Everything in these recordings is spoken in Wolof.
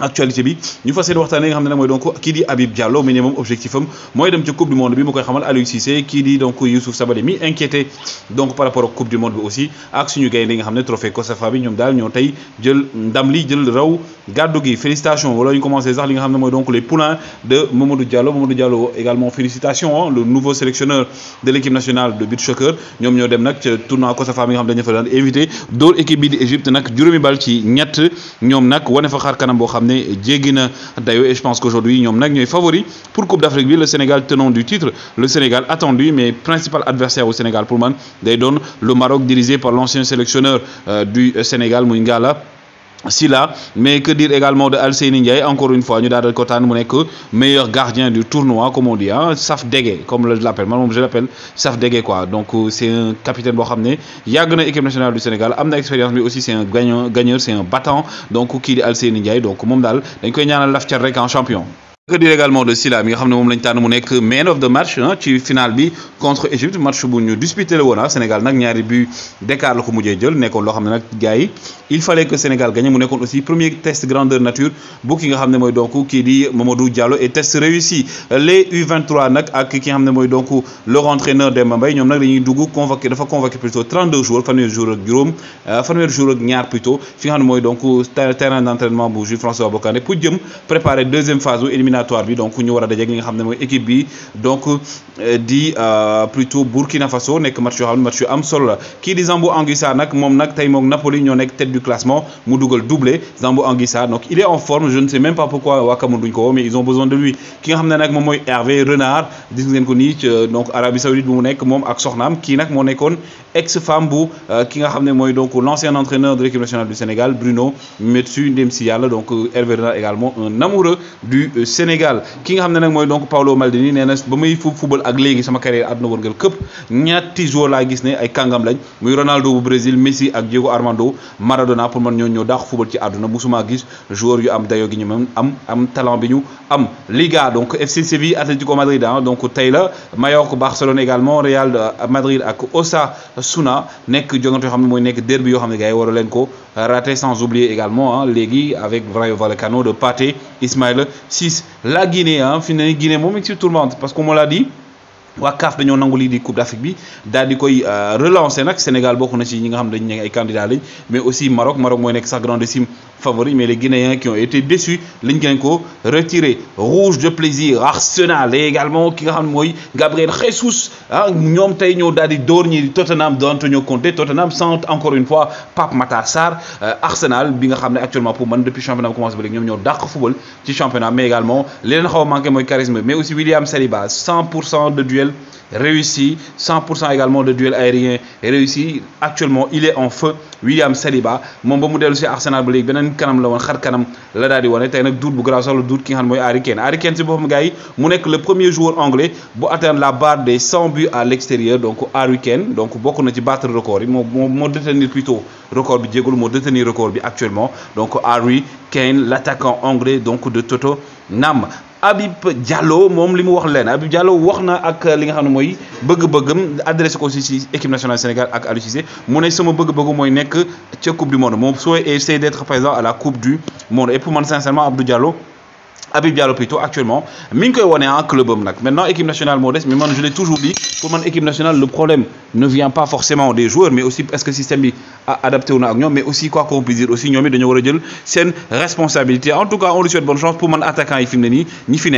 actualité bi ñu nga donc ki di Diallo objectif dem ci coupe du monde bi mu koy xamal Aliou Cissé ki di donc Youssouf inquiété donc par rapport au coupe du monde aussi ak suñu nga xamné trophée COSAFA bi ñom dal ñoo Gardouki, félicitations voilà ñu commencé sax li donc les poulains de Mamadou Diallo Mamadou Diallo également félicitations hein. le nouveau sélectionneur de l'équipe nationale de beach soccer Nous ñoo dem nag tournoi COSAFA bi nga Nous avons dañu fa invité dóor équipe bi di Égypte nag juróomi bal ci ñett kanam dayo et je pense qu'aujourd'hui avons nag un favori pour Coupe d'Afrique, le Sénégal tenant du titre le Sénégal attendu mais principal adversaire au Sénégal pour man day le Maroc dirigé par l'ancien sélectionneur euh, du Sénégal Mouingala. Silla mais que dire également de Alseyni Ndiaye encore une fois nous avons le ko meilleur gardien du tournoi comme on dit hein, Saf Dege comme je l'appelle je l'appelle Saf Dege quoi donc euh, c'est un capitaine boo il y a na équipe nationale du Sénégal a na expérience mais aussi c'est un gagnant gagneur c'est un battant donc qui est Alseyni Ndiaye donc mon dal, dañ koy ñaanal un en champion que dire également de Sila, mi nga xam ne moom lañ mu of the match hein, ci final bi contre Égypte match bu ñu disputé le wana, hein, Sénégal nag ñaari bu d'écart la ko mujjee jël nekkoon loo xam yi il fallait que Sénégal gagne mu nekkoon aussi premier test grandeur nature bu ki nga xam ne donc kii di Mamadou Diallo et test réussi les U23 nak ak ki nga xam donc leur entraîneur Demba Mbaye ñoom nag dañuy dugg convoqué dafa convoqué plutôt 32 jours, fanweeri jour ak juróom euh, fanweeri jour ak ñaar plutôt fi nga xam donc terrain d'entraînement bu François Abokane, pour jëm préparer deuxième phase ou élimination éliminatoire bi donc ñu wara a dajeek li nga xamné moy équipe bi donc euh, di euh, plutôt Burkina Faso nek match yoo xam ne match yu am solo ki kii di Zambo Anguissa nag moom nag tey Napoli ñoo nek tête du classement mu dugal doublé Zambo Anguissa donc il est en forme je ne sais même pas pourquoi waa duñ ko mais ils ont besoin de lui ki nga xamné nak mom moy Hervé Renard dis ngeen ko ni euh, donc Arabie Saoudite bu mu nek mom ak soxnam ki nak mo nekkoon ex femme bu ki nga xamné moy donc l'ancien entraîneur de l'équipe nationale du Sénégal Bruno Metsu ndem si donc Hervé Renard également un amoureux du Sénégal Sénégal ki nga xam ne nag mooy donc Paolo Maldini nee na ba muy fu football ak léegi sama carrière àdduna wërngal këpp ñetti joueur laa gis ne ay kàngam lañ muy Ronaldo bu Brésil Messi ak Diego Armando Maradona pour man ñoo daax football ci àdduna musuma gis joueur yu am dayo gi ñu même am am talent bi ñu am Liga donc FC Séville Atlético Madrid ah. donc tey la Mallorca Barcelone également Real euh, Madrid ak Osasuna nekk jongante yoo xam ne mooy nekk derby yoo xam ne gars yi waru leen ko raté sans oublier également hein, avec Vrayo Vallecano de Pate Ismaël 6 la Guinée hein, Guinée la Guinée Guinée tout tout parce qu'on me l'a dit wa CAF dañu nangu di Coupe d'Afrique bi dal di koy euh, relancer nak Sénégal bokk na ci ñi nga xam dañu ay candidats mais aussi Maroc Maroc mooy sa sax grandissime favori mais les Guinéens qui ont été déçus liñ gën ko retiré rouge de plaisir Arsenal et également ki nga xam moy Gabriel Jesus ah, ñom tay dadi ñoo di dor ñi Tottenham d'antonio Antonio Conte Tottenham sent encore une fois Pape Matar euh, Arsenal bi nga xam actuellement pour man depuis championnat ba ñom ñoo football ci championnat mais également li leen xaw moy charisme mais aussi William Saliba 100 de duel réussi, 100% également de duel aérien réussi. Actuellement, il est en feu William Saliba mon bon modèle aussi, Arsenal ba Ben, kanam la woon xar kanam la daal di wane tey nag doute bu garaaw sax la c'est ki xam est Harry le premier joueur anglais pour atteindre la barre des 100 buts à l'extérieur donc Harry Kane donc beaucoup na ci battre record mon moo détenir plutôt record de détenir record actuellement donc Harry Kane l'attaquant anglais donc de Toto Nam Habib Diallo mom limu wax leen Habib Diallo wax na ak li nga xamne moy bëgg bëggum adressé ko ci équipe nationale Sénégal ak Aliou Cissé mu ne sama bëgg bëggu moy nekk ci Coupe du monde mom souhait est c'est d'être présent à la Coupe du monde et pour man sincèrement Abdou Diallo à Diallo plutôt actuellement koy en ah, club maintenant équipe nationale modeste, mais je l'ai toujours dit pour man équipe nationale le problème ne vient pas forcément des joueurs mais aussi est-ce que système est adapté ou non mais aussi quoi qu'on puisse dire aussi une responsabilité en tout cas on lui souhaite bonne chance pour mon attaquant yi fi ni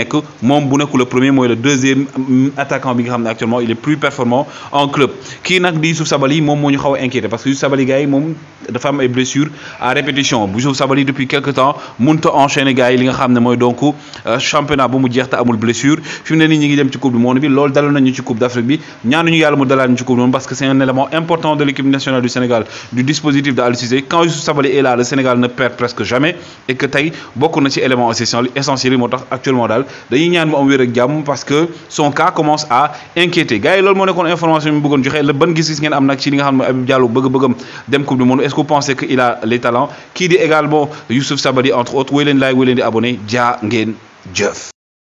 que le premier le deuxième mm, attaquant bi actuellement il est plus performant en club qui n'a di Youssouf Sabali moom moo inquiété parce que Youssouf Sabali gars des blessures à répétition bu Youssouf depuis quelques temps monte a enchaîné il est li nga donc donc euh, championnat bu mu amul blessure fi mu ne nii ñu ngi dem ci coupe du monde bi lool dalal nañu ci coupe d'afrique bi ñaanu ñu yalla mu dalaan ci coupe du monde parce que c'est un élément important de l'équipe nationale du Sénégal du dispositif de Aliou quand Youssouf Sabaly est là le Sénégal ne perd presque jamais et que tay bokku na ci élément essentiel essentiel tax actuellement dal dañuy ñaan mu am wër ak jamm parce que son cas commence à inquiéter gars yi loolu moo information bi mu bëggoon joxe le ban gis-gis ngeen am nak ci li nga xamne Abib Diallo bëgg-bëggam dem coupe du monde est ce que vous pensez qu'il a les talents Qui dit également Youssouf Sabaly entre autres wéy lay laay di abonné ja Jeff.